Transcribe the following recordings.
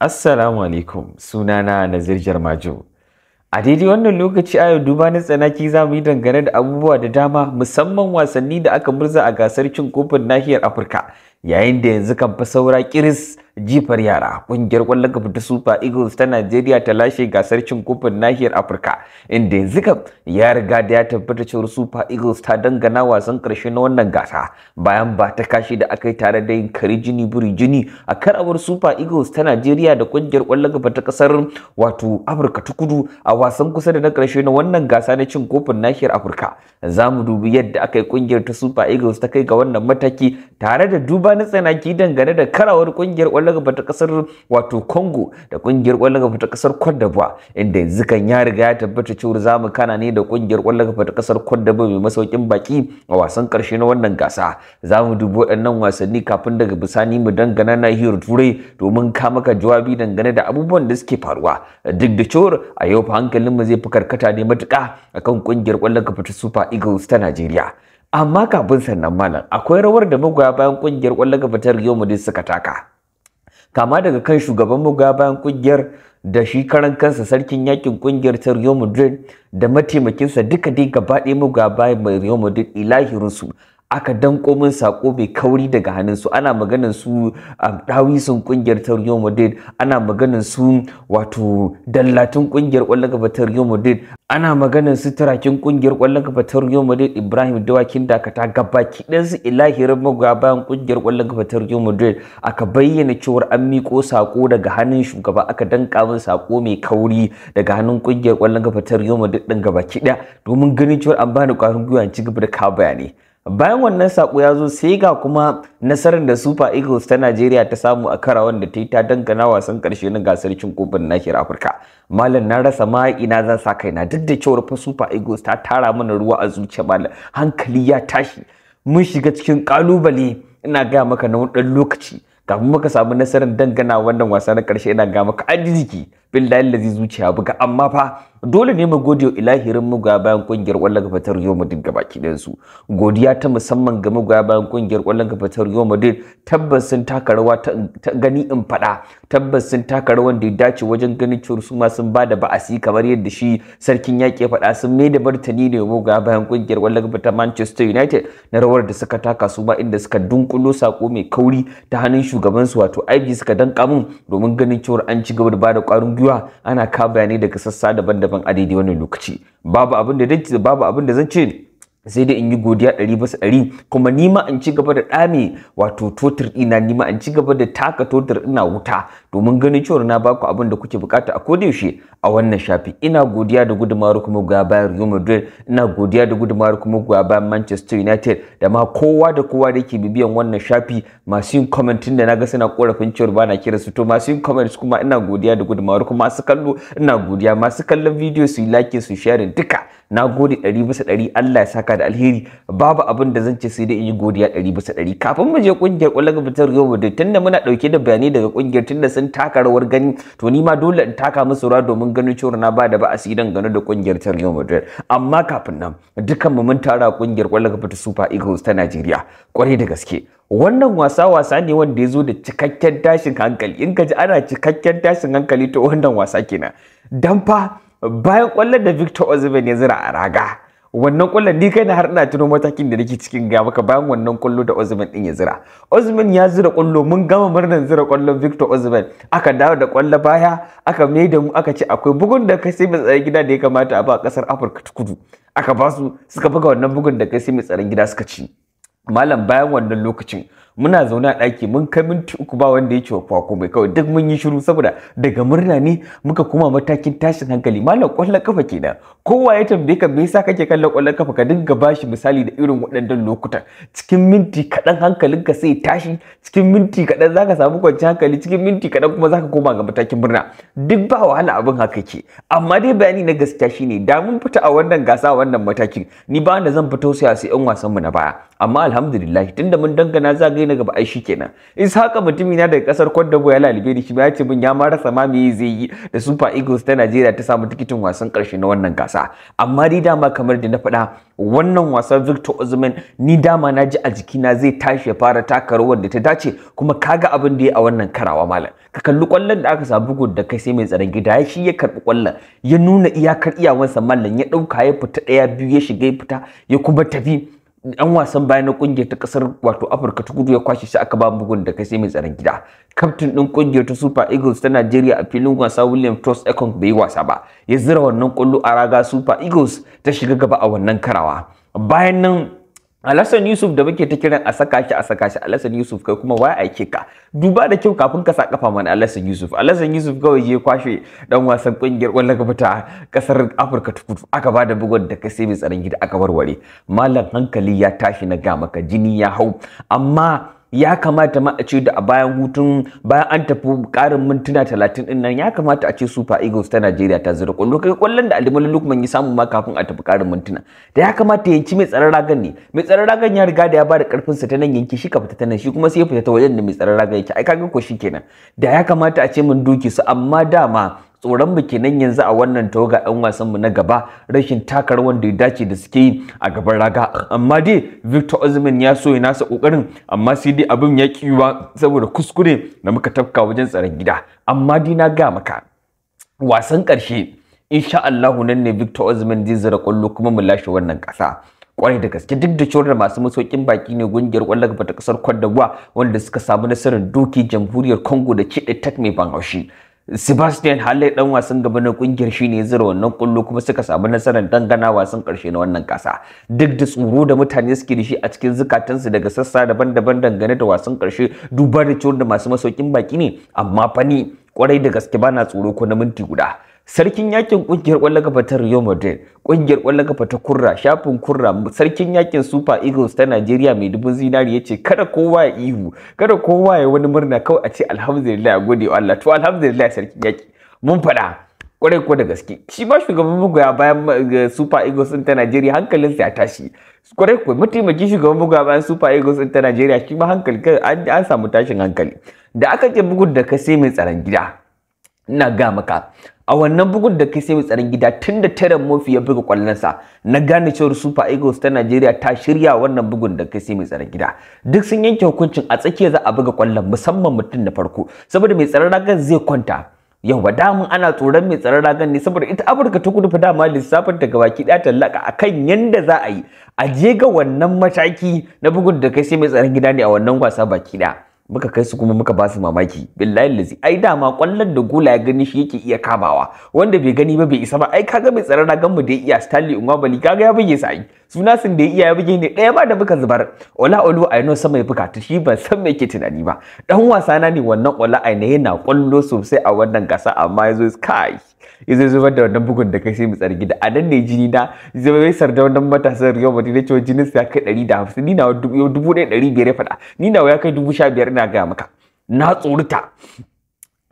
Assalamu alaikum sunana Nazir Jarmajo. A daidai wannan lokaci a yau duba na tsanaki za mu yi dangane da abubuwa da dama musamman wasanni da aka murza a gasar cin kofin nahiyar Afirka yayin da yanzu kan fa saura kiris jifar yara kungiyar kwallon kafa ta super eagles ta najeriya ta lashe gasar cin kofin nahiyar afirka inda yanzu kam ya riga da ya tabbata cewar super eagles ta dangana wasan karshe na wannan gasa bayan ba ta kashi da aka yi tare da yin kari jini buri jini a karawar super eagles ta nigeria da kungiyar kwallon kafa ta kasar wato afirka ta kudu a wasan kusa da na karshe na wannan gasa na cin kofin nahiyar afirka za mu dubi yadda aka yi kungiyar ta super eagles ta kai ga wannan mataki tare da duba na tsanaki dangane da karawar kungiyar kwallon kwallon gaba ta kasar wato Congo da kungiyar kwallon gaba ta kasar Cote inda yanzu kan ya riga ya tabbata cewa za mu kana ne da kungiyar kwallon gaba ta kasar Cote d'Ivoire mai masaukin baki a wasan karshe na wannan gasa za mu dubi waɗannan wasanni kafin daga bisani mu dangana na turai domin ka maka jawabi dangane da abubuwan da suke faruwa duk da cewa a yau fa hankalin mu zai fi karkata ne matuƙa akan kungiyar kwallon gaba ta Super Eagles ta Najeriya amma kafin sannan malam akwai rawar da magoya bayan kungiyar kwallon gaba ta mu Madrid suka taka kama daga kan shugaban mugabayan bayan kungiyar da shi karan kansa sarkin yakin kungiyar ta Real Madrid da mataimakinsa duka dai gaba ɗaya mugaba bayan mai Real Madrid rusu. aka danko min sako mai kauri daga hannun su ana um, maganin su dawisun kungiyar ta Real ana maganin su wato dallatin kungiyar kwallon gaba ta Real ana maganin su turakin kungiyar kwallon gaba ta Real Ibrahim Dawakin Dakata gabaki ɗan su ilahirin magoya bayan kungiyar kwallon gaba ta Real aka bayyana cewar an miko sako daga hannun shugaba aka danka min sako mai kauri daga hannun kungiyar kwallon gaba ta Real Madrid din gabaki domin ganin cewa an bani kwarin gwiwa ci gaba da ka bayani bayan wannan sako ya zo sai ga kuma nasarar da super eagles ta najeriya ta samu a karawan da ta yi ta dangana wasan karshe na gasar cin kofin nahiyar afirka malam na rasa ma ina zan sa kaina duk da cewar fa super eagles ta tara mana ruwa a zuciya malam hankali ya tashi mun shiga cikin kalubale ina gaya maka na wani lokaci kafin muka samu nasarar dangana wannan wasa na karshe ina gaya maka an jiki billahi lazi zuciya buga amma fa dole ne mu gode wa ilahirin ga bayan kungiyar kwallon kafa ta Real Madrid gaba kidan su godiya ta musamman ga ga bayan kungiyar kwallon kafa ta Real Madrid tabbas sun taka rawa ta gani in fada tabbas sun taka rawan da ya dace wajen ganin cewa su ma sun bada ba'asi kamar yadda shi sarkin yaƙi ya faɗa sun mai da martani ne ga bayan kungiyar kwallon kafa ta Manchester United na rawar da suka taka su ba inda suka dunkulo sako mai kauri ta hannun shugaban su wato Ivy suka danka mun domin ganin cewa an ci gaba da bada ƙwarin biyuwa ana ka bayanai daga sassa daban-daban a daidai wannan lokaci babu abin da babu abin da zan ce sai dai in yi godiya ɗari bisa ɗari kuma nima in ci gaba da ɗame wato totir ɗina nima in ci gaba da taka totir ina wuta domin ganin cewa na baku abin da kuke bukata a yaushe a wannan shafi ina godiya da gudumar kuma ga bayan Real Madrid ina godiya da gudumar kuma ga bayan Manchester United da ma kowa da kowa da yake bibiyan wannan shafi masu yin commenting da naga suna korafin cewa ba na kira su to masu yin comments kuma ina godiya da gudumar kuma masu kallo ina godiya masu kallon video su yi like su share duka na gode ɗari bisa ɗari Allah ya saka da alheri babu abin da zan ce sai dai in yi godiya ɗari bisa ɗari kafin mu je ƙungiyar ƙwallon gabatar yau da tunda muna ɗauke da bayanai daga ƙungiyar tunda sun sun taka rawar gani to ni ma dole in taka musu rawa domin ganin cewa na ba da ba asirin gano da kungiyar ta Real Madrid amma kafin nan dukan mu mun tara kungiyar kwallon kafa ta Super Eagles ta Najeriya kwarai da gaske wannan wasa wasa ne wanda ya zo da cikakken tashin hankali in ka ji ana cikakken tashin hankali to wannan wasa kenan dan fa bayan kwallon da Victor Osimhen ya zira a raga wannan kwallon ni kai na har ina tuno matakin da nake cikin ga maka bayan wannan kwallo da Osimhen din ya zira Osimhen ya zira kwallo mun gama murnan zira kwallon Victor Osimhen aka dawo da kwallo baya aka mai da mu aka ce akwai bugun da kai sai mai tsaron gida da ya kamata a ba kasar Afirka ta Kudu aka ba su suka buga wannan bugun da kai sai mai tsaron gida suka ci malam bayan wannan lokacin muna zaune a ɗaki mun kai minti uku ba wanda ya ce wa komai kawai duk mun yi shiru saboda daga murna ne muka koma matakin tashin hankali malam kwallo kafa kenan kowa ya tambaye ka me yasa kake kallon kwallon kafa ka dinga bashi misali da irin waɗannan lokutan cikin minti kaɗan hankalinka sai tashi cikin minti kaɗan zaka samu kwanciyar hankali cikin minti kaɗan kuma zaka koma ga matakin murna duk ba wahala abin haka ke amma dai bayani na gaskiya shine da mun fita a wannan gasa a wannan matakin ni ba wanda zan fito sai a sai 'yan wasanmu na baya amma alhamdulillah tunda mun dangana zaga zagaye na gaba ai shikenan Ishaka mutumi na daga kasar Cote d'Ivoire ya lalibe ni shi ba ya ce min ya mara sama me zai yi da Super Eagles ta Najeriya ta samu tikitin wasan karshe na wannan gasa amma ni dama kamar da na faɗa wannan wasan Victor Osimhen ni dama na ji a na zai tashi ya fara taka rawar da ta dace kuma kaga abin da ya a wannan karawa malam ka kalli kwallon da aka samu gud da kai sai mai tsaron gida ya shi ya karbi kwallon ya nuna iyakar iyawansa mallan ya dauka ya fita daya biyu ya shiga ya fita ya kuma tafi Ɗan wasan baya na kungiyar ta ƙasar wato Afirka ta Kudu ya kwashe shi aka ba bugun da kai sai mai tsaron gida. Kaftin ɗin ƙungiyar ta Super Eagles ta Najeriya a filin wasa William Toss Ekong bai yi wasa ba. Ya zira wannan kullu a raga Super Eagles ta shiga gaba a wannan karawa. Bayan nan Alassan Yusuf da muke ta kiran a saka shi a saka shi Alassan Yusuf kai kuma waya aike ka duba da kyau kafin ka sa kafa mana Alassan Yusuf Alassan Yusuf kawai je kwashe dan wasan kungiyar kwallon gaba ta kasar Afirka ta Kudu aka bada bugun da kai sai mai tsaron gida aka warware mallan hankali ya tashi na ga maka jini ya hau amma ya kamata ma a ce da a bayan hutun bayan an tafi karin mintuna talatin din nan ya kamata a ce Super Eagles ta Najeriya ta zira kwallo kai kwallon da Alimul Lukman ya samu ma kafin a tafi karin mintuna da ya kamata yanki mai tsaron ragan ne mai tsaron ragan ya riga da ya bada karfin sa ta nan yanki shi ka fita ta nan shi kuma sai ya fita ta wajen da mai tsaron ragan yake ai kaga ko kenan da ya kamata a ce mun doki su amma dama tsoron mu nan yanzu a wannan tawaga ɗan wasan mu na gaba rashin taka wanda ya dace da suke yi a gaban raga amma dai Victor Osimhen ya so ya nasa kokarin amma sai dai abin ya kiwa saboda kuskure na muka tafka wajen tsaron gida amma dai na ga maka wasan ƙarshe insha Allah nan ne Victor Osimhen zai zira kwallo kuma mu lashe wannan ƙasa kwarai da gaske duk da cewar masu masaukin baki ne gungiyar kwallon ta kasar Cote wanda suka samu nasarar doki jamhuriyar Congo da kiɗe tak mai ban haushi Sebastian Halle dan wasan gaba na kungiyar shine ya zira wannan kullu kuma suka samu nasarar dangana wasan karshe na wannan kasa. Duk da tsoro da mutane suke da shi a cikin zukatansu daga sassa daban-daban dangane da wasan karshe duba da ciwon da masu masaukin baki ne amma fa ni kwarai da gaske bana tsoro ko na minti guda. sarkin yakin kungiyar kwallon kafa ta Real Madrid, kungiyar kwallon kafa ta Kurra, shafin Kurra, sarkin yakin Super Eagles ta Nigeria mai dubun zinari yace kada kowa ya ihu, kada kowa ya wani murna kawai a ce alhamdulillah gode wa Allah. To alhamdulillah sarkin yaki. Mun faɗa kwarai ko da gaske. Shi ba shugaban magoya bayan eh, Super Eagles ta Nigeria, hankalin sa ya tashi. Kwarai ko mataimakin shugaban magoya bayan Super Eagles ta Nigeria, shi ma hankali an samu tashin hankali. Da aka ce bugun da ka sai mai tsaron gida. Ina ga maka a wannan bugun da kai sai mai tsaron gida tun da tare mofi ya buga kwallonsa na gane cewar super eagles ta najeriya ta shirya wannan bugun da kai sai mai tsaron gida duk sun yanke hukuncin a tsakiya za a buga kwallon musamman mutum na farko saboda mai tsaron ragan zai kwanta yawa damun ana tsoron mai tsaron ragar ne saboda ita afirka ta kudu fa dama lissafin ta gabaki daya tallaka akan yanda za a yi a je ga wannan mataki na bugun da kai sai mai tsaron gida ne a wannan wasa baki daya muka kai su kuma muka ba su mamaki billahi lazi ai dama kwallon da gula ya gani shi yake iya kabawa. wanda bai gani ba bai isa ba ai kaga mai tsaron ragan mu da iya Stanley Bali. kaga ya buge sai suna sun da iya ya buge ne daya ba da muka zubar Ola Olu Aino sama ya bukata shi ban san me yake tunani ba dan wasa na ne wannan Ola Aino yana kwallo sosai a wannan gasa amma yazo sky yazo zubar da wannan bugun da kai sai mu gida. A nan ne jini na zai da wannan matasan Real Madrid ne cewa jinin sa ya kai 150 ni na 1500 ya fada ni na ya kai 15000 ina gaya maka na tsorita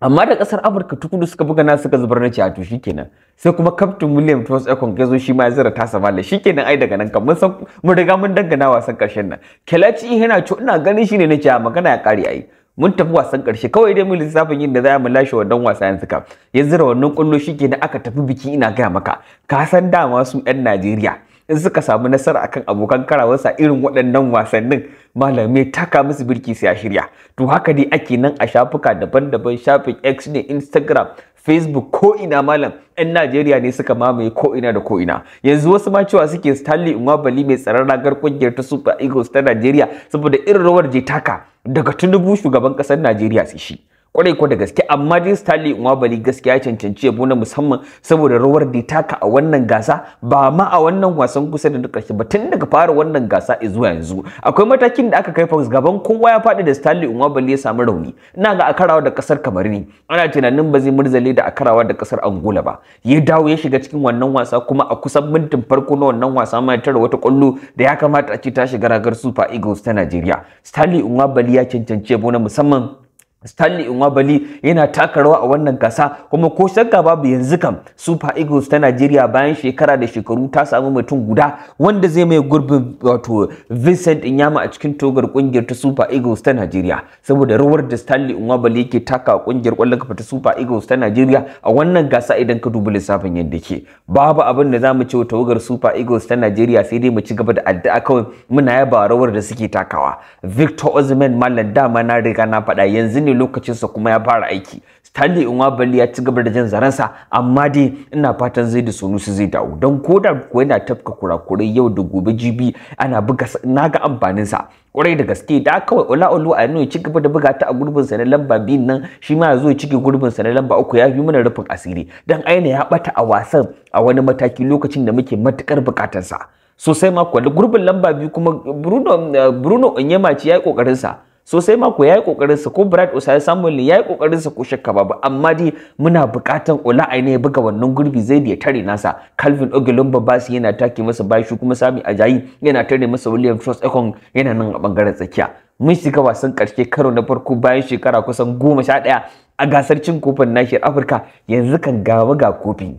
amma da kasar amurka tukudu suka buga na suka zubar na shi shikenan sai kuma captain william thomas ekong ya zo shi ma ya zira tasa shi shikenan ai daga nan kan mun san mun riga mun dangana wasan karshen nan kelaci yana ci ina ganin shine na ciya magana ya kare ai mun tafi wasan karshe kawai dai mun lissafin yin da za mu lashe wannan wasa yanzu kam ya zira wannan kullo shikenan aka tafi biki ina gaya maka ka san dama su yan najeriya in suka samu nasara akan abokan karawarsa irin waɗannan wasannin malamai taka musu birki sai a shirya to haka dai ake nan a shafuka daban-daban shafin x ne instagram facebook ko ina malam 'yan najeriya ne suka mamaye ko ina da ko ina yanzu wasu ma cewa suke stanley nwabali mai tsaron ragar kungiyar ta super eagles ta najeriya saboda irin rawar je taka daga tunubu shugaban ƙasar najeriya sai shi kwarai ko da gaske amma dai Stanley Nwabali gaskiya ya cancanci yabo na musamman saboda rawar da taka a wannan gasa ba ma a wannan wasan kusa da karshe ba tun daga fara wannan gasa zuwa yanzu akwai matakin da aka kai Fox gaban kowa ya faɗi da Stanley Nwabali ya samu rauni ina ga akarawa da kasar Kamaru ne ana tunanin ba zai murzale da akarawa da kasar Angola ba ya dawo ya shiga cikin wannan wasa kuma a kusan mintin farko na wannan wasa ya tara wata kwallo da ya kamata a ce ta shiga ragar Super Eagles ta Najeriya Stanley Nwabali ya cancanci yabo na musamman Stanley Nwabali yana taka rawa a wannan gasa kuma ko shakka babu yanzu kam Super Eagles ta Najeriya bayan shekara da shekaru ta samu mutum guda wanda zai mai gurbin wato Vincent Inyama a cikin togar kungiyar ta Super Eagles ta Najeriya saboda rawar da Stanley Nwabali yake taka a kungiyar kwallon kafa ta Super Eagles ta Najeriya a wannan gasa idan ka duba lissafin yadda ke babu abin da zamu ce wa tawagar Super Eagles ta Najeriya sai dai mu ci gaba da addu'a kawai muna yaba rawar da suke takawa Victor Osimhen mallan dama na riga na faɗa yanzu ne lokacinsa kuma ya fara aiki Stanley Nwabali ya ci gaba da jan sa, amma dai ina fatan zai da sunusu zai dawo don ko da kuwa yana tafka kurakurai yau da gobe jibi ana buga naga amfaninsa kwarai da gaske da kawai Ola Olu a ya ci gaba da buga ta a gurbin sa na lamba biyun nan shi ma zo ya cike gurbin sa na lamba uku ya fi mana rufin asiri dan aina ya bata a wasan a wani mataki lokacin da muke matukar bukatarsa sosai ma kwalli gurbin lamba biyu kuma Bruno Bruno Onyema ya yi kokarin sa so sai ma ku yayi kokarin sa ko Bright Osai samu ne yayi kokarin sa ko shakka babu amma dai muna buƙatan Ola Aina ya buga wannan gurbi zai ya tare nasa Calvin ogilun Basi yana taki masa bashi kuma Sami Ajayi yana tare masa William Trust ekon yana nan a bangaren tsakiya mun shiga wasan karshe karo na farko bayan shekara kusan goma sha ɗaya a gasar cin kofin nahiyar Afirka yanzu kan gaba ga kofi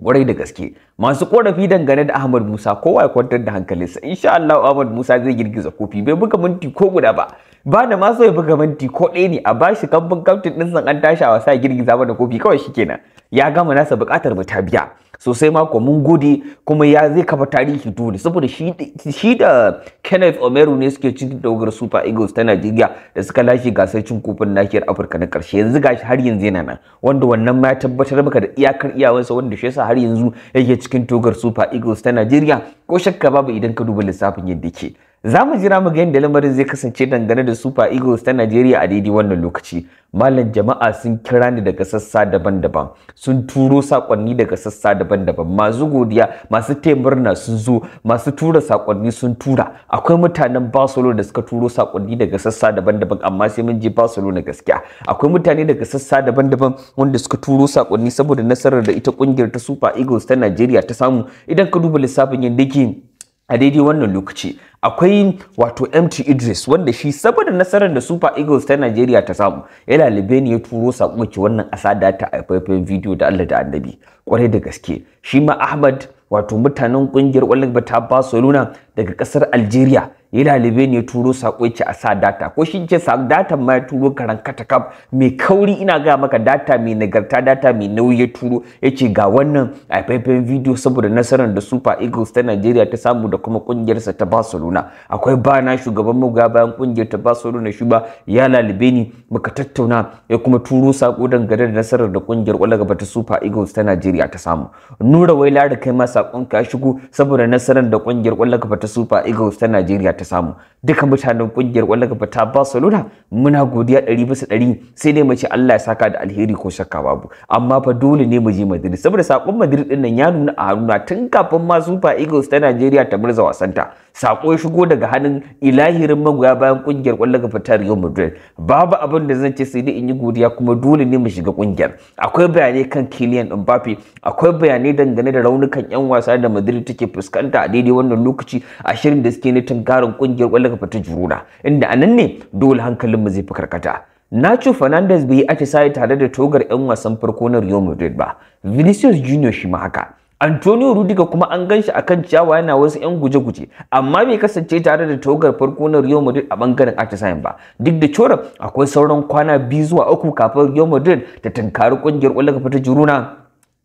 gwarai da gaske masu korafi dangane da Ahmad Musa kowa ya kwantar da hankalinsa insha Allah Ahmad Musa zai girgiza kofi bai buga minti ko guda ba ba da ma so ya buga minti ko ɗaya ne a bashi kamfin kamtin ɗin san an tashi a wasa girgiza mana kofi kawai shi kenan ya gama nasa buƙatar mu ta biya sosai ma ko mun gode kuma ya zai kafa tarihi dole saboda shi da Kenneth Omeru ne suke cikin dogar Super Eagles ta Najeriya da suka lashe gasar cin kofin nahiyar Afirka na ƙarshe yanzu gashi har yanzu yana nan wanda wannan ma ya tabbatar maka da iyakar iyawansa wanda shi yasa har yanzu yake cikin togar Super Eagles ta Najeriya ko shakka babu idan ka duba lissafin yadda ke Za mu jira mu ga yadda lamarin zai kasance dangane da Super Eagles ta Najeriya a daidai wannan lokaci. Malam jama'a sun kira ni daga sassa daban-daban, sun turo sakonni daga sassa daban-daban. Masu godiya, masu taimurna sun zo, masu tura sakonni sun tura. Akwai mutanen Barcelona da suka turo sakonni daga sassa daban-daban amma sai mun je na gaskiya. Akwai mutane daga sassa daban-daban wanda suka turo sakonni saboda nasarar da ita kungiyar ta Super Eagles ta Najeriya ta samu. Idan ka duba lissafin yadda yake a daidai wannan lokaci akwai wato MT Idris wanda shi saboda nasarar da Super Eagles ta Najeriya ta samu ya lalube ne ya turo sako ce wannan da ta haifafen bidiyo da Allah da Annabi kwarai da gaske shi ma Ahmad wato mutanen kungiyar Olympic ta Barcelona daga kasar Algeria ya lalibe ne ya turo sako yace a sa data ko shin ce data ma turo karan katakab mai kauri ina ga maka data mai nagarta data mai nauyi ya turo yace ga wannan a faifan video saboda nasarar da Super Eagles ta Nigeria ta samu da kuma kungiyarsa ta Barcelona akwai bana shugaban magoya, bayan kungiyar ta Barcelona shi ba ya lalibe ni muka tattauna ya kuma turo sako dangane da nasarar da kungiyar kwallon gaba ta Super Eagles ta Nigeria ta samu Nura Wai da kai ma sakon ka shigo saboda nasarar da kungiyar kwallon gaba ta Super Eagles ta Najeriya ta samu duka mutanen ƙungiyar kwallaga gaba ta Barcelona muna godiya ɗari bisa ɗari, sai dai mace Allah ya saka da alheri ko shakka babu amma fa dole ne mu je Madrid saboda sakon Madrid ɗin nan ya nuna a haruna tun kafin ma Super Eagles ta Najeriya ta murza wasanta sako ya shigo daga hannun ilahirin magoya bayan ƙungiyar ƙwallon ga ta Real Madrid babu abin da zan ce sai dai in yi godiya kuma dole ne mu shiga ƙungiyar? akwai bayanai kan Kylian Mbappe akwai bayanai dangane da raunukan yan wasa da Madrid take fuskanta a daidai wannan lokaci a shirin da suke na garin kungiyar ƙwallon kafa ta Girona inda anan ne dole hankalin mu zai fi karkata Nacho Fernandez bai yi atisaye tare da togar 'yan wasan farko na Real Madrid ba. Vinicius Junior shi ma haka. Antonio Rudiger kuma an ganshi akan ciyawa yana wasu 'yan guje-guje amma bai kasance tare da togar farko na Real Madrid a bangaren Atisayen ba. Duk da cewa akwai sauran kwana biyu zuwa uku kafin Real Madrid ta tunkari kungiyar ƙwallon ta Girona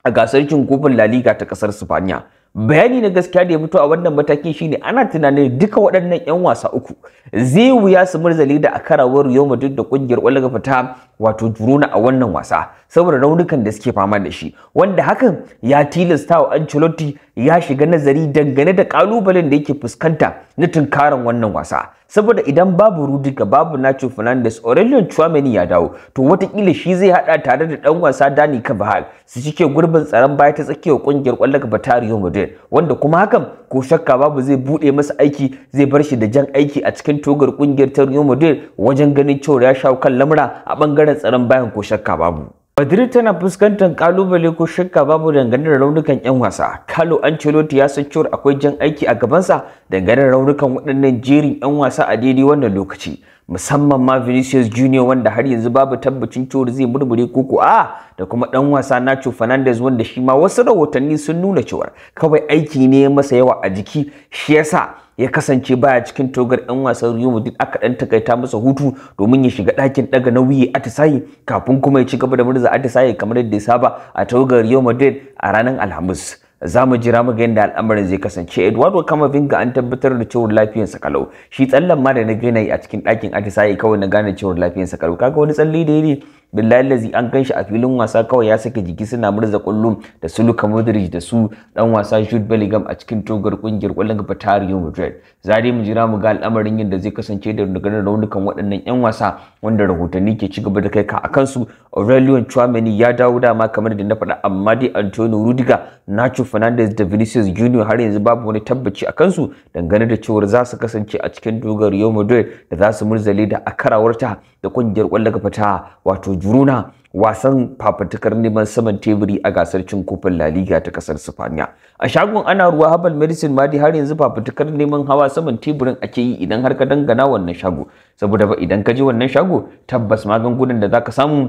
a gasar cin kofin La Liga ta kasar Spain. bayani na gaskiya da ya fito a wannan matakin shine ana tunanin duka waɗannan 'yan wasa uku zai wuya su murzali da a karawar yau duk da ƙungiyar ƙwallon Fata wato juruna a wannan wasa saboda raunukan da suke fama da shi wanda hakan ya tilasta wa Ancelotti ya shiga nazari dangane da ƙalubalen da yake fuskanta na tunkaran wannan wasa saboda idan babu Rudiga babu Nacho Fernandes Aurelion Tchouameni ya dawo to watakila shi zai hada tare da dan wasa Dani Carvajal su cike gurbin tsaron baya ta tsakiyar kungiyar kwallon gaba ta Real Madrid wanda kuma hakan ko shakka babu zai bude masa aiki zai bar shi da jan aiki a cikin togar kungiyar ta Real Madrid wajen ganin cewa ya shawo kan lamura a bangaren tsaron bayan ko shakka babu Madrid tana fuskantar kalubale ko shakka babu dangane da raunukan 'yan wasa. Carlo Ancelotti ya san cewa akwai jan aiki a gabansa dangane da raunukan waɗannan jerin 'yan wasa a daidai wannan lokaci. musamman ma Vinicius Junior wanda har yanzu babu tabbacin cewa zai murmure koko a da kuma dan wasa Nacho Fernandez wanda shi ma wasu rahotanni sun nuna cewa kawai aiki ne masa yawa a jiki shi yasa ya kasance baya cikin togar ɗan wasan Real Madrid aka dan takaita masa hutu domin ya shiga ɗakin daga nauyi atisayi kafin kuma ya ci gaba da murza atisayi kamar yadda ya saba a togar Real Madrid a ranar Alhamis. za mu jira mu ga yadda al'amarin zai kasance Eduardo Kamavinga an tabbatar da cewar sa kalau shi tsallan ma da na gina a cikin ɗakin atisaye kawai na gane cewar lafiyarsa kalau kaga wani tsalle da yi billahi lazi an ganshi a filin wasa kawai ya saka jiki suna murza kullum da su Luka Modric da su dan wasa Jude Bellingham a cikin togar kungiyar kwallon gaba ta Real Madrid mu jira mu ga al'amarin yadda zai kasance da dangane raunukan waɗannan yan wasa wanda rahotanni ke cigaba da kai ka akan su Chouameni ya dawo dama kamar da na faɗa amma dai Antonio Rudiger Nacho Fernandez da Vinicius Junior har yanzu babu wani tabbaci a kansu dangane da cewar za su kasance a cikin dogar Real Madrid da za su murzale da akarawarta da kungiyar kwallon gaba ta wato juruna wasan fafatukar neman saman teburi a gasar cin kofin La Liga ta kasar Sifaniya. A shagon ana ruwa Habal Medicine Madi har yanzu fafatukar neman hawa saman teburin ake yi idan har ka dangana wannan shago. Saboda ba idan ka je wannan shago tabbas magungunan da zaka samu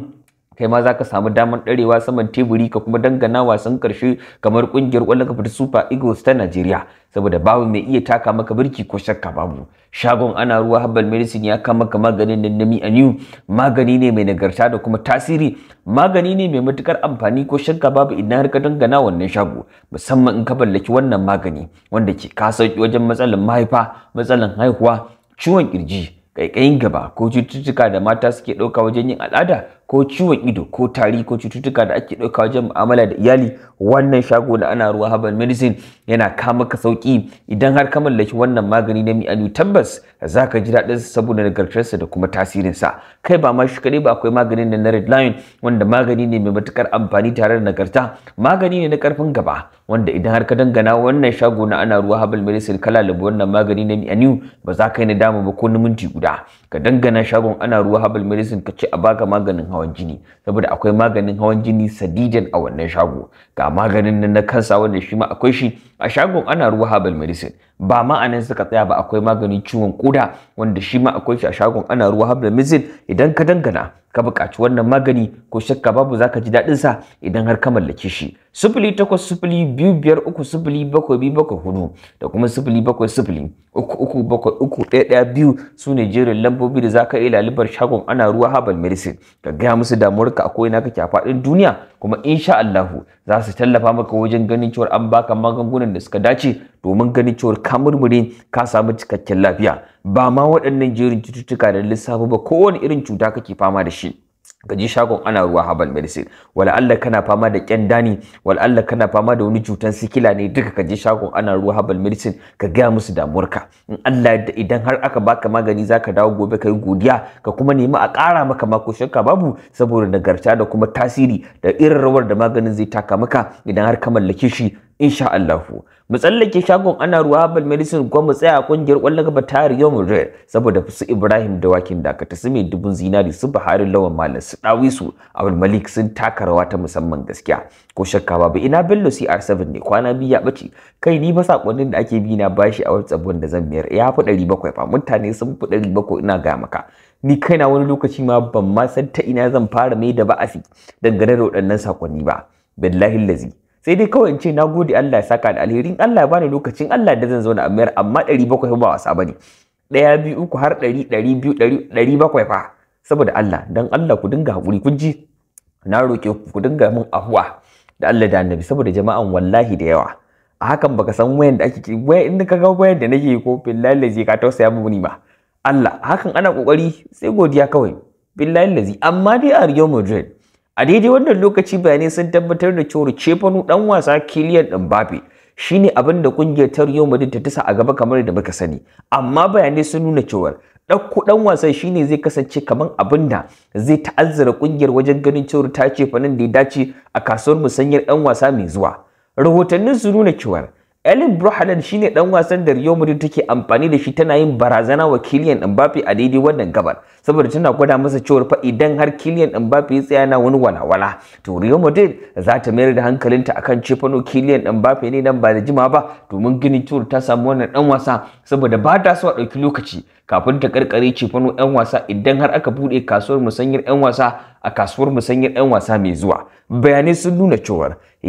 kai ma za ka samu damar ɗarewa saman teburi ka kuma dangana wasan ƙarshe kamar ƙungiyar ƙwallon kafa ta Super Eagles ta Najeriya saboda babu mai iya taka maka birki ko shakka babu shagon ana ruwa Habal medicine ya kama maka maganin nan nami aniu magani ne mai nagarta da kuma tasiri magani ne mai matukar amfani ko shakka babu idan har ka dangana wannan shago musamman in ka ballaki wannan magani wanda ke ka sauki wajen matsalan mahaifa matsalan haihuwa ciwon kirji kaikayin gaba ko cututtuka da mata suke ɗauka wajen yin al'ada ko ciwon ido ko tari ko cututtuka da ake ɗauka wajen mu'amala da iyali wannan shago da ana ruwa herbal medicine yana kama ka sauki idan har ka mallaki wannan magani na mi'anu tabbas za ka ji daɗinsa saboda nagartarsa da kuma tasirinsa kai ba ma shi ba akwai maganin da na red lion wanda magani ne mai matukar amfani tare da nagarta magani ne na karfin gaba wanda idan har ka dangana wannan shago na ana ruwa herbal medicine kala labu wannan magani na mi'anu ba za ka yi nadama ba ko na minti guda ka dangana shagon ana ruwa herbal medicine ka ce a baka maganin hawan jini saboda akwai maganin hawan jini sadijan a wannan shago ga maganin nan na kansa wanda shi ma akwai shi a shagon ana ruwa herbal medicine ba ma anan suka tsaya ba akwai maganin ciwon koda wanda shi ma akwai shi a shagon ana ruwa herbal medicine idan ka dangana ka buƙaci wannan magani ko shakka babu zaka ji daɗin sa idan har ka mallake shi sifili takwas biyu biyar uku bakwai biyu bakwai hudu da kuma sifili bakwai uku uku bakwai uku ɗaya ɗaya biyu su ne jerin lambobi da zaka iya lalibar shagon ana ruwa habal medicine ka gaya musu damuwarka a ko'ina kake a faɗin duniya kuma insha Allahu za su tallafa maka wajen ganin cewa an baka magungunan da suka dace domin ganin cewar ka murmure ka samu cikakken lafiya ba ma waɗannan jerin cututtuka da lissafi ba kowane irin cuta kake fama da shi ka ji shagon ana ruwa herbal medicine wala Allah kana fama da kyanda ne wala Allah kana fama da wani cutan sikila ne duka ka je shagon ana ruwa Habal medicine ka gaya musu damuwarka in Allah yadda idan har aka baka magani zaka dawo gobe kai godiya ka kuma nemi a ƙara maka mako shakka babu saboda nagarta da kuma tasiri da irin rawar da maganin zai taka maka idan har ka mallake shi insha Allah mu tsallake shagon ana ruwa bal medicine kuma mu tsaya kungiyar kwallon gaba ta Real Madrid saboda su Ibrahim da wakin da ka tasimi dubun zinari su bahari lawan malam su Dawisu Abdul Malik sun taka rawa ta musamman gaskiya ko shakka babu ina Bello CR7 ne kwana biyu ya bace kai ni ba sakonnin da ake bi na bashi a WhatsApp wanda zan biyar ya fi 700 fa mutane sun fi 700 ina ga maka ni kaina wani lokaci ma ban ma san ta ina zan fara mai da ba'afi dangane da waɗannan sakonni ba billahi lazi sai dai kawai in ce na gode Allah ya saka da alherin Allah ya bani lokacin Allah da zan zauna a mayar amma ɗari bakwai ba wasa bane ɗaya biyu uku har ɗari ɗari biyu ɗari bakwai fa saboda Allah dan Allah ku dinga haƙuri kun ji na roƙe ku dinga min ahuwa da Allah da annabi saboda jama'an wallahi da yawa a hakan baka san wayan da ake waya inda ka ga wayan da nake ko billahi lazi ka tausaya mini ba Allah hakan ana kokari sai godiya kawai billahi lazi amma dai a Real Madrid a daidai wannan lokaci bayanai sun tabbatar da cewa cefanu dan wasa Kylian Mbappe shine abin da kungiyar ta Real Madrid ta tisa a gaba kamar da muka sani amma bayanai sun nuna cewa ɗauko ɗan wasan shine zai kasance kaman abin da zai ta'azzara kungiyar wajen ganin cewa ta cefanin da ya dace a kasuwar musanyar ɗan wasa mai zuwa rahotannin sun nuna cewa Ellen shi shine dan wasan da Real Madrid take amfani da shi tana yin barazana wa Kylian Mbappe a daidai wannan gabar saboda tana gwada masa cewa fa idan har Kylian Mbappe ya tsaya na wani walawala to Real Madrid za ta mayar da hankalinta akan cefano Kylian Mbappe ne nan ba da jima ba domin gini tur ta samu wannan dan wasa saboda ba ta so a ɗauki lokaci kafin ta karkare cefano yan wasa idan har aka buɗe kasuwar musanyar yan wasa a kasuwar musanyar 'yan wasa mai zuwa bayanai sun nuna cewa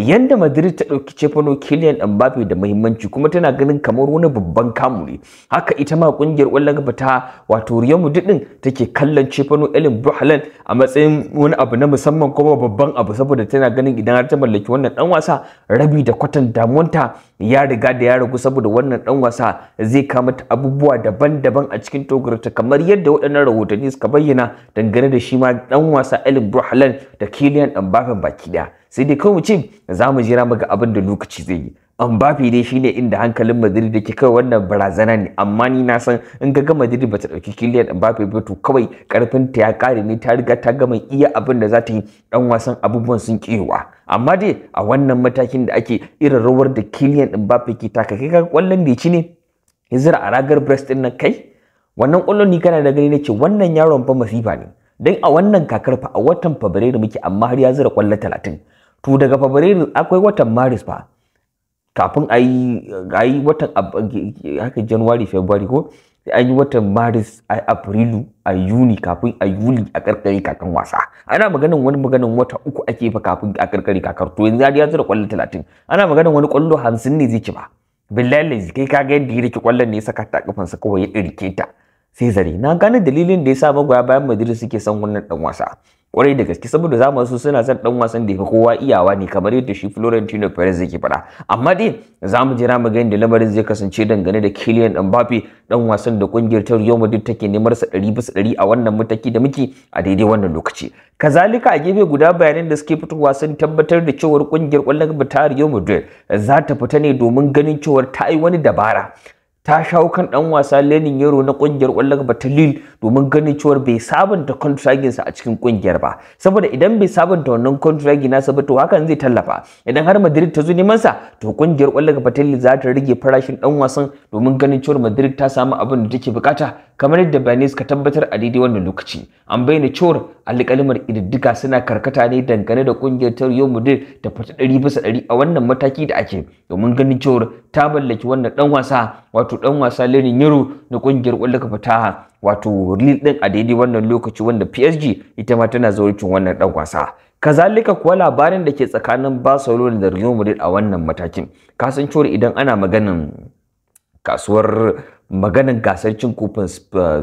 yadda madrid ta ɗauki cefano kilian mbappe da mahimmanci kuma tana ganin kamar wani babban kamu haka ita ma ƙungiyar ƙwallon gaba ta wato riyamu duɗin take kallon cefano elin buhalan a matsayin wani abu na musamman kuma babban abu saboda tana ganin idan har ta mallaki wannan ɗan wasa rabi da kwatan damuwanta ya riga da ya ragu saboda wannan ɗan wasa zai kama ta abubuwa daban-daban a cikin togarta kamar yadda waɗannan rahotanni suka bayyana dangane da shi ma ɗan wasa sa Eric da Kylian Mbappe baki daya sai dai kawai mu ce za mu jira muga abin da lokaci zai yi Mbappe dai shine inda hankalin Madrid yake kai wannan barazana ne amma ni na san in ga ga Madrid bata dauki Kylian Mbappe ba to kawai karfin ta ya kare ne ta riga ta gama iya abin da za ta yi dan wasan abubuwan sun kewa. amma dai a wannan matakin da ake irin rawar da Kylian Mbappe ke taka kai ga kwallon da ci ne Izra a ragar Brest din nan kai wannan kwallon ni kana da gani nake wannan yaron fa masifa ne don a wannan kakar fa a watan fabrairu muke amma har ya zira kwalla talatin to daga fabrairu akwai watan maris fa kafin ai ai watan haka january february ko sai an yi watan maris a afrilu a yuni kafin a yuli a karkare kakan wasa ana maganin wani maganin wata uku ake fa kafin a karkare kakar to yanzu ya zira kwalla talatin ana maganin wani kwallo hamsin ne zai ci ba billahi kai kaga yadda ya kwallon ne ya saka ta sa kawai ya ɗirke ta sai zare na gane dalilin da ya yasa magoya bayan Madrid suke son wannan dan wasa kwarai da gaske saboda zamu su suna son dan wasan da ya kowa iyawa ne kamar yadda shi Florentino Perez yake faɗa amma dai za mu jira mu ga da lamarin zai kasance dangane da Kylian Mbappe dan wasan da kungiyar ta Real Madrid take neman sa ɗari bisa ɗari a wannan mataki da muke a daidai wannan lokaci kazalika a gefe guda bayanan da suke fitowa sun tabbatar da cewar kungiyar kwallon ta Real Madrid za ta fita ne domin ganin cewar ta yi wani dabara ta shawo kan dan wasa Lenin Yaro na kungiyar kwallon kafa ta domin ganin cewar bai sabunta contract sa a cikin kungiyar ba saboda idan bai sabunta wannan contract na ba to hakan zai tallafa idan har Madrid ta zo neman sa to kungiyar kwallon kafa ta za ta rage farashin dan wasan domin ganin cewar Madrid ta samu abin da take bukata kamar yadda bayanai ka tabbatar a daidai wannan lokaci an bayyana cewar alƙalimar ididdika suna karkata ne dangane da kungiyar ta Real Madrid ta fita 100 bisa 100 a wannan mataki da ake domin ganin cewar ta mallaki wannan dan wasa wato wato dan wasa Lenin Yaro na kungiyar kwallo fataha wato Lille din a daidai wannan lokaci wanda PSG ita ma tana zaurucin wannan dan wasa kazalika kuwa labarin da ke tsakanin Barcelona da Real Madrid a wannan matakin cewa idan ana maganin kasuwar maganin gasar cin kofin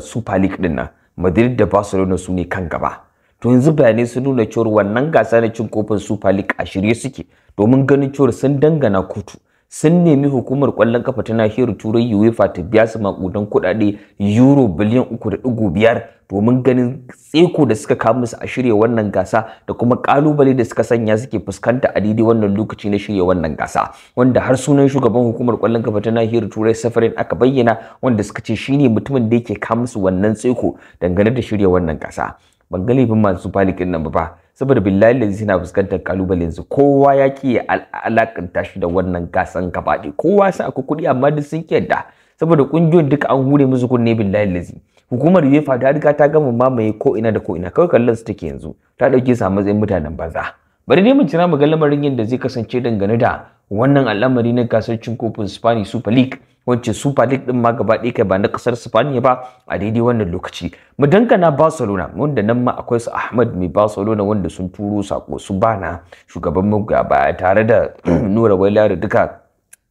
Super League din nan Madrid da Barcelona su ne kan gaba to yanzu bayanai su nuna cewa wannan gasa na cin kofin Super League a shirye suke domin ganin cewa sun dangana kotu sun nemi hukumar kwallon kafa ta nahiyar turai uefa ta biya su makudan kuɗaɗe euro biliyan uku da ɗigo biyar domin ganin tseko da suka kawo musu a shirya wannan gasa da kuma ƙalubale da suka sanya suke fuskanta a daidai wannan lokaci na shirya wannan gasa wanda har sunan shugaban hukumar kwallon kafa ta nahiyar turai safarin aka bayyana wanda suka ce shine mutumin da yake kawo musu wannan tseko dangane da shirya wannan gasa ban ga laifin masu falikin nan ba saboda billahi lazi suna fuskantar kalubalen su kowa ya ke alakanta shi da wannan gasan gabaɗe kowa sai akwai kuɗi amma duk sun yadda, saboda kungiyoyin duka an hure musu kunne billahi lazi hukumar UEFA ta riga ta gama mamaye ko ina da ko ina kawai kallon su take yanzu ta ɗauke su a matsayin mutanen banza bari dai mu jira mu ga lamarin yadda zai kasance dangane da wannan al'amari na gasar cin kofin Spanish Super League wacce super league din ma gaba ɗaya kai ba na kasar spaniya ba a daidai wannan lokaci mu dangana barcelona wanda nan ma akwai su ahmad mai barcelona wanda sun turo sako su bana shugaban ba tare da nura waila da duka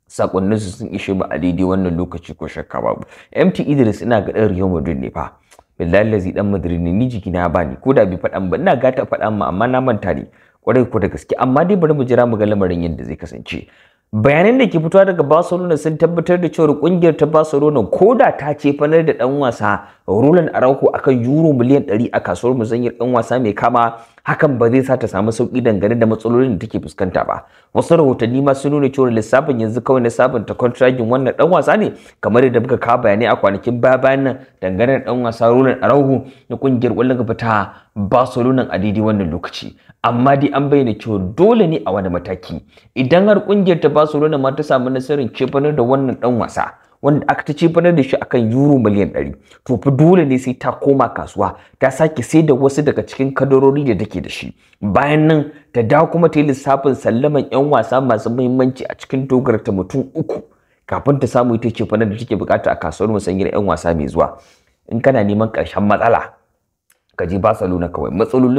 sakonnin su sun ishe mu a daidai wannan lokaci ko shakka babu mt idris ina ga dan real madrid ne fa billahi lazi dan madrid ne ni jiki na bani ko da bi faɗan ba ina gata faɗan ma amma na manta ne kwarai ko da gaske amma dai bari mu jira mu ga lamarin yadda zai kasance bayanan da ke fitowa daga barcelona sun tabbatar da cewa kungiyar ta barcelona koda ta ce fanar da dan wasa roland araujo akan euro miliyan 100 a kasuwar muzanyar dan wasa mai kama hakan ba zai sa ta samu sauki dangane da matsalolin da take fuskanta ba wasu rahotanni ma sun nuna cewa lissafin yanzu kawai na sabunta kontragin wannan dan wasa ne kamar yadda muka kawo bayanai a kwanakin baya bayan nan dangane da dan wasa Ronald Araujo na kungiyar kwallon gaba ta Barcelona a daidai wannan lokaci amma dai an bayyana cewa dole ne a wani mataki idan har kungiyar ta Barcelona ma ta samu nasarar cefanar da wannan dan wasa wanda aka ta cefanar da shi akan euro miliyan 100 to fa dole ne sai ta koma kasuwa ta sake sai da wasu daga cikin kadarori da take da shi bayan nan ta da kuma ta yi lissafin sallaman 'yan wasa masu muhimmanci a cikin dogar ta mutum uku kafin ta samu ita cefanar da take bukata a kasuwar musanyar 'yan wasa mai zuwa in kana neman karshen matsala ka je Barcelona kawai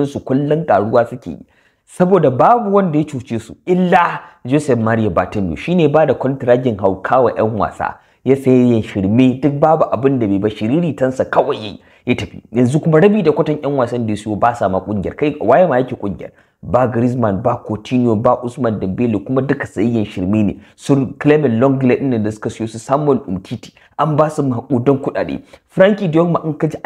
su kullum karuwa suke yi saboda babu wanda ya cuce su illa Joseph Mario batemio shine ba da kontragin hauka wa 'yan wasa ya sayi yin shirme duk babu abin da bai ba tansa kawai ya tafi yanzu kuma rabi da kwatan yan wasan da siyo ba sa ma kungiyar kai waye ma yake kungiyar ba Griezmann ba Coutinho ba Usman Dembele kuma duka sayayyen shirme ne Su Clement Longley din da suka siyo su Samuel Umtiti an ba su makudan kudade. Frankie De ma in ka ji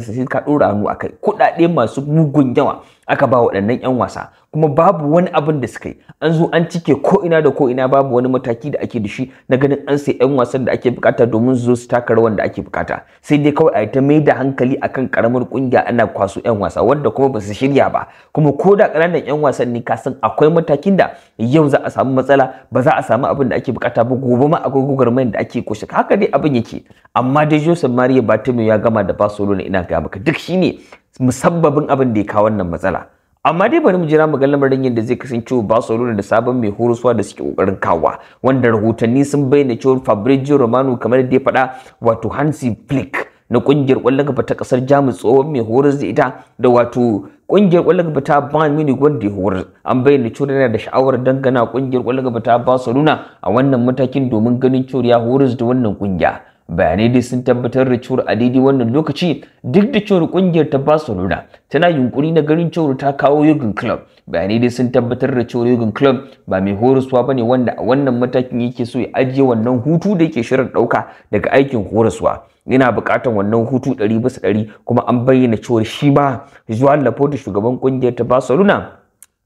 sa sai ka ɗora hannu akai Kudade masu mugun yawa aka ba waɗannan 'yan wasa kuma babu wani abin da suka yi an zo an cike ko ina da ko ina babu wani mataki da ake da shi na ganin an sai 'yan wasan da ake bukata domin su zo su taka rawan da ake bukata sai dai kawai a yi ta mai da hankali akan karamar kungiya ana kwaso 'yan wasa wanda kuma ba su shirya ba kuma ko da ƙananan 'yan wasan ne ka san akwai matakin da yau za a samu matsala ba za a samu abin da ake bukata ba gobe ma akwai gwagwarmayar da ake kushe haka dai abin yake amma dai joseph Maria Bartomeu ya gama da Barcelona ina gaya maka duk shine musabbabin abin da ya kawo wannan matsala amma dai bari mu jira mu ga lamarin yadda zai kasance Barcelona da sabon mai horoswa da suke kokarin kawa wanda rahotanni sun bayyana cewa Fabrizio Romano kamar da ya faɗa wato Hansi Flick na kungiyar kwallon gaba ta kasar Jamus tsohon mai horus da ita da wato kungiyar kwallon gaba ta Bayern Munich wanda ya horar an bayyana cewa yana da sha'awar dangana kungiyar kwallon gaba ta Barcelona a wannan matakin domin ganin cewa ya horar da wannan kungiya bayanai dai sun tabbatar da cewar a daidai wannan lokaci duk da cewar kungiyar ta barcelona tana yunkuri na garin cewar ta kawo yogin club bayanai dai sun tabbatar da cewar yogin Klopp ba mai horaswa bane wanda a wannan matakin yake so ya ajiye wannan hutu da yake shirin ɗauka daga aikin horaswa yana buƙatar wannan hutu ɗari bisa ɗari kuma an bayyana cewar shi ma zuwa laporte shugaban kungiyar ta barcelona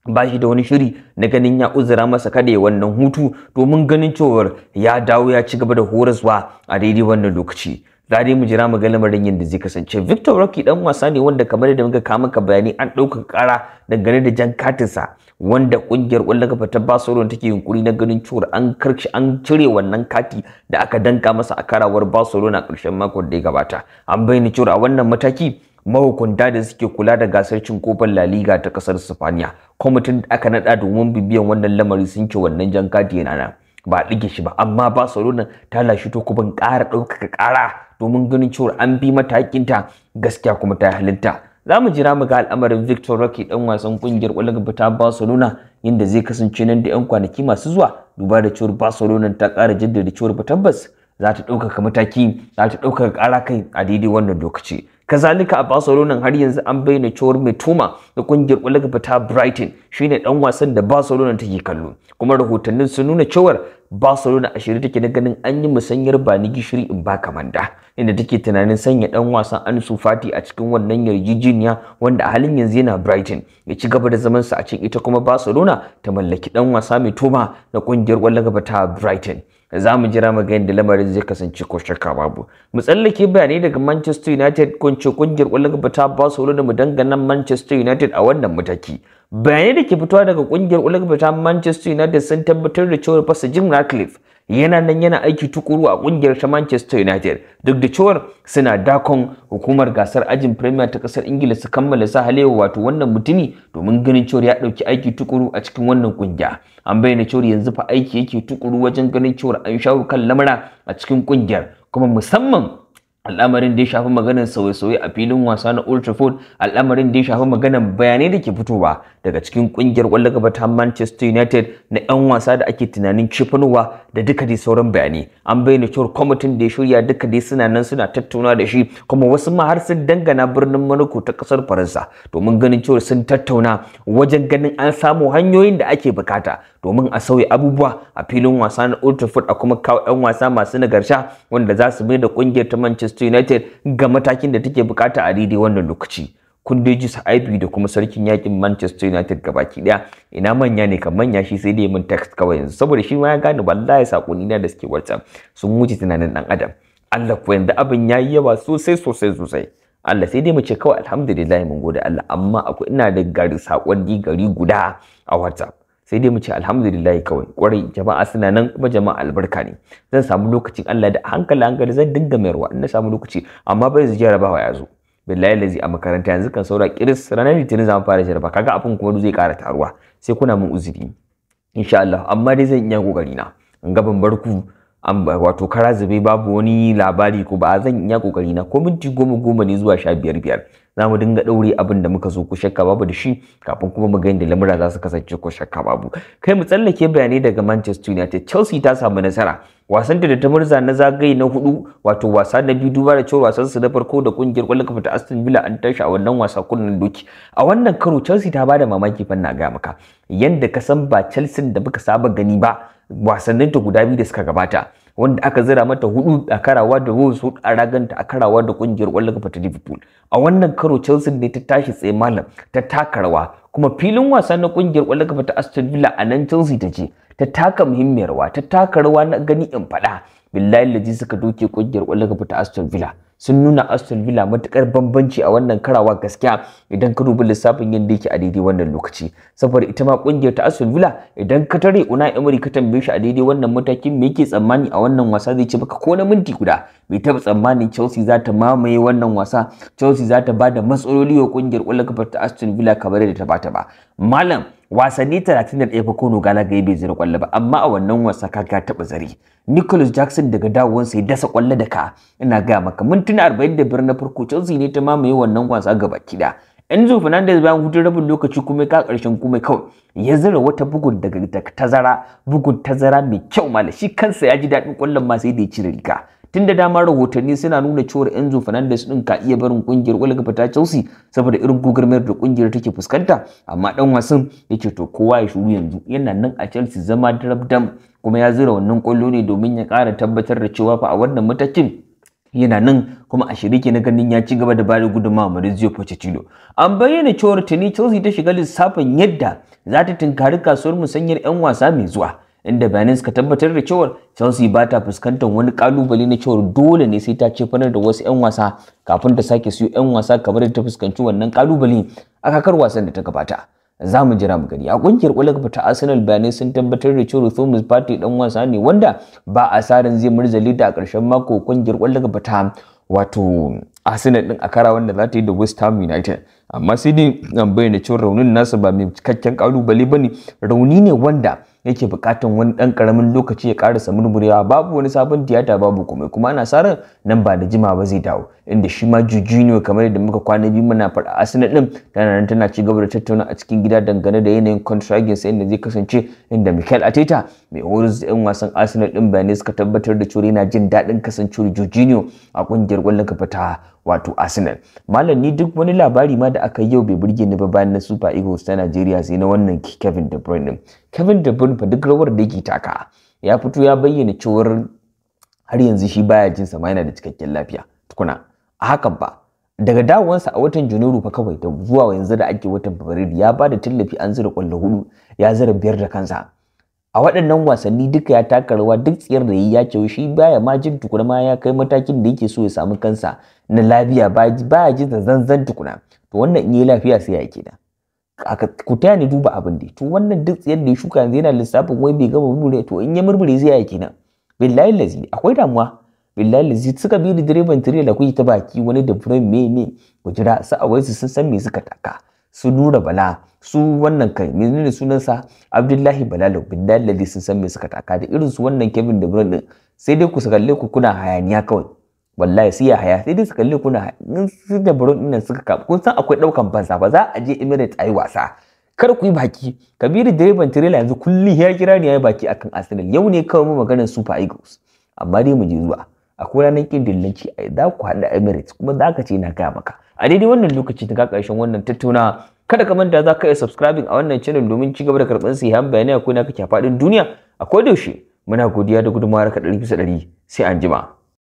ba shi da wani shiri na ganin ya uzura masa kada ya wannan hutu domin ganin cewar ya dawo ya ci gaba da horaswa a daidai wannan lokaci za dai mu jira mu ga lamarin yadda zai kasance Victor Rocky dan wasa ne wanda kamar da muka kama maka bayani an ɗauka ƙara dangane da jan katinsa wanda ƙungiyar ƙwallon kafa ta Barcelona take yunkuri na ganin cewar an karshe an cire wannan kati da aka danka masa a karawar a ƙarshen makon da ya gabata an bayyana cewar a wannan mataki mahukunta da suke kula da gasar cin kofin La Liga ta kasar Spaniya kwamitin da aka nada domin bibiyan wannan lamari sun ce wannan jan kati yana nan ba a ɗige shi ba amma Barcelona ta lashe to kuma ƙara ɗaukaka ƙara domin ganin cewa an bi mata hakinta gaskiya kuma ta halitta za mu jira mu ga al'amarin Victor Roque dan wasan kungiyar ƙwallon ta Barcelona inda zai kasance nan da 'yan kwanaki masu zuwa duba da cewar Barcelona ta ƙara jaddada cewar tabbas za ta ɗaukaka mataki za ta ɗaukaka ƙara kai a daidai wannan lokaci kazalika a barcelona har yanzu an bayyana cewar mai tuma da kungiyar kwallon kafa ta brighton shine dan wasan da barcelona take kallo kuma rahotannin sun nuna cewar barcelona a shirye take na ganin an yi musanyar ba ni gishiri in ba kamanda inda take tunanin sanya dan wasan ansu fati a cikin wannan yarjejeniya wanda a halin yanzu yana brighton ya ci gaba da zaman sa a cikin ita kuma barcelona ta mallaki dan wasa mai tuma da kungiyar kwallon kafa ta brighton za mu jira mu ga yadda lamarin zai kasance ko shakka babu mu tsallake bayanai daga Manchester United ce kungiyar kwallon kafa ta da mu dangana Manchester United a wannan mataki bayanai da ke fitowa daga kungiyar kwallon kafa ta Manchester United sun tabbatar da cewa fasa Jim Ratcliffe yana nan yana aiki tukuru a kungiyar ta Manchester United duk da cewa suna dakon hukumar gasar ajin Premier ta kasar Ingila su kammala sa halewa wato wannan mutumi domin ganin cewa ya dauki aiki tukuru a cikin wannan kungiya an bayyana cewar yanzu fa aiki yake tukuru wajen ganin cewar an shawo kan lamura a cikin kungiyar kuma musamman al'amarin da ya shafi maganar sauye-sauye a filin wasa na Old Trafford al'amarin da ya shafi maganar bayanai da ke fitowa daga cikin kungiyar kwallon gaba ta Manchester United na 'yan wasa da ake tunanin cifanowa da duka dai sauran bayanai an bayyana cewar kwamitin da ya shirya duka dai suna nan suna tattauna da shi kuma wasu ma har sun dangana birnin Monaco ta kasar Faransa domin ganin cewar sun tattauna wajen ganin an samu hanyoyin da ake bukata domin a sauya abubuwa a filin wasa na Old Trafford a kuma kawo 'yan wasa masu nagarta wanda za su mai da kungiyar ta Manchester United ga matakin da take bukata a daidai wannan lokaci. kundeji sa'ibi da kuma sarkin yakin Manchester United baki daya ina manya ne kan manya shi sai dai mun text kawai yanzu saboda shi ma ya gane wallahi sakonni na da suke wata sun wuce tunanin dan adam Allah ko yanda abin yayi yawa sosai sosai sosai Allah sai dai mu ce kawai alhamdulillah mun gode Allah amma akwai ina da gari sakonni gari guda a WhatsApp sai dai mu ce alhamdulillah kawai kwarai jama'a suna nan kuma jama'a albarka ne zan samu lokacin Allah da hankali hankali zan dinga mayarwa in na samu lokaci amma bai zai jarabawa ya zo billahi lazi a makaranta yanzu kan saura kiris ranar litinin zamu fara jaraba kaga abin kuma zai kara taruwa sai kuna mun uzuri insha Allah amma dai zan iya kokari na in ga ban barku wato kara zube babu wani labari ko ba zan iya kokari na ko minti goma goma ne zuwa sha biyar biyar za mu dinga ɗaure abin da muka zo ku shakka babu da shi kafin kuma mu gani da lamura za su kasance ko shakka babu kai mu tsallake bayanai daga Manchester United Chelsea ta samu nasara wasan da ta murza na zagaye na hudu wato wasa na biyu duba da cewa wasan su na farko da kungiyar kwallon kafa ta Aston Villa an tashi a wannan wasa kunnan doki a wannan karo Chelsea ta bada mamaki fanna ga maka yanda ka san ba Chelsea da muka saba gani ba Wasannin ta guda biyu da suka gabata wanda aka zira mata hudu a karawa da Wolves hudu a raganta a karawa da kungiyar ƙwallon kafa ta Liverpool a wannan karo Chelsea ne ta tashi tsaye malam ta taka rawa kuma filin wasa na kungiyar ƙwallon kafa ta Aston Villa a nan Chelsea ta ce ta taka muhimmiyar rawa ta taka rawa na gani in faɗa billahi laji suka doke kungiyar ƙwallon kafa ta Aston Villa sun nuna Aston Villa matukar bambanci a wannan karawa gaskiya idan ka dubi lissafin yadda yake a daidai wannan lokaci saboda ita ma kungiyar ta Aston Villa idan ka tare Unai Emery ka tambaye shi a daidai wannan matakin me yake tsammani a wannan wasa zai ce baka ko na minti guda bai taba tsammanin Chelsea za ta mamaye wannan wasa Chelsea za ta bada matsaloli wa kungiyar ƙwallon ta Aston Villa kamar da ta bata ba malam wasanni 31 fa Kono ga bai zira kwallo ba amma a wannan wasa ka ga taba zari Nicholas Jackson daga dawowar sai dasa kwallo da ka ina ga maka mintuna 45 na farko Chelsea ne ta mamaye wannan wasa gaba kida Enzo Fernandez bayan hutun rabin lokaci kuma ka karshen kuma kawai ya zira wata bugun daga tazara bugun tazara mai kyau mala shi kansa ya ji daɗin kwallon ma sai da ya cire riga tun da dama rahotanni suna nuna cewar Enzo Fernandez din ka iya barin kungiyar kwallon fita Chelsea saboda irin gugurmayar da kungiyar take fuskanta amma dan wasan yace to kowa ya shuru yanzu yana nan a Chelsea zama darabdam kuma ya zira wannan kwallo ne domin ya kara tabbatar da cewa fa a wannan matakin yana nan kuma a shirike na ganin ya ci gaba da bada gudunmawa Maurizio Pochettino. An bayyana cewar tuni Chelsea ta shiga lissafin yadda za ta tunkari kasuwar musanyar 'yan wasa mai zuwa. inda bayanin suka tabbatar da cewar Chelsea ba ta fuskantar wani kalubale na cewa dole ne sai ta ce fanar da wasu 'yan wasa kafin ta sake siyo 'yan wasa kamar da ta fuskanci wannan kalubale a kakar wasan da ta gabata. Za mu jira mu gani. A kungiyar kwallon ta Arsenal bayanai sun tabbatar da cewar Thomas Partey dan wasa ne wanda ba a sarin zai murza da a ƙarshen mako kungiyar kwallon ta wato Arsenal din a kara wanda za ta yi da West Ham United. Amma sai dai an bayyana cewar raunin nasa ba mai cikakken kalubale bane rauni ne wanda yake bukatan wani dan karamin lokaci ya karasa murmurewa babu wani sabon tiyata babu komai kuma ana sa nan ba da jima ba zai dawo inda shi ma jujuniyo kamar yadda muka kwana biyu muna faɗa Arsenal din tana nan tana ci gaba da tattauna a cikin gida dangane da yanayin contract sai inda zai kasance inda Mikel Arteta mai horis da 'yan wasan Arsenal din bayanai suka tabbatar da cewa yana jin daɗin kasancewar Jorginho a kungiyar ƙwallon kafa wato Arsenal. Malam ni duk wani labari ma da aka yau bai burge ni ba bayan na Super Eagles ta Najeriya sai na wannan Kevin De Bruyne din. Kevin De Bruyne fa duk rawar da yake taka ya fito ya bayyana cewar har yanzu shi baya jin sa ma yana da cikakken lafiya tukuna. A hakan ba daga dawowansa a watan Janairu fa kawai da zuwa yanzu da ake watan Fabrairu ya ba da tallafi an zira kwallo hudu ya zira biyar da kansa. a waɗannan wasanni duka ya taka rawa duk tsiyar da yi ya ce shi baya ma jin tukuna ma ya kai matakin da yake so ya samu kansa na lafiya baya jin da zanzan tukuna to wannan in yi lafiya sai ya yi kenan ku taya ni duba abin da to wannan duk tsiyar da ya shuka yanzu yana lissafin wai bai gama murmure to in ya murmure zai ya yi nan billahi lazi akwai damuwa billahi lazi suka bi da direban tirela kuke ta baki wani da frame me me ku jira sa'awai su sun san me suka taka su nura bala su wannan kai menene sunansa abdullahi bala bin dalali sun san me suka taka da irin su wannan kevin de bruyne sai dai ku kalle ku kuna hayaniya kawai wallahi sai ya haya sai dai su kalle kuna in su da bruyne nan suka kafa kun san akwai daukan fansa ba za a je emirates ayi wasa kar ku yi baki kabiru direban tirela yanzu kullum ya kira ni yayi baki akan arsenal yau ne kawai mu maganar super eagles amma dai mu je zuwa akwai ranar kin dillanci za ku haɗa emirates kuma za ka ce na gaya maka a daidai wannan lokaci ta karshen wannan tattauna kada ka manta za ka iya subscribing a wannan channel domin ci gaba da karɓar sahihan bayanai a kuna ke faɗin duniya a kodayaushe muna godiya da gudunmawar ka ɗari bisa ɗari sai anjima. jima.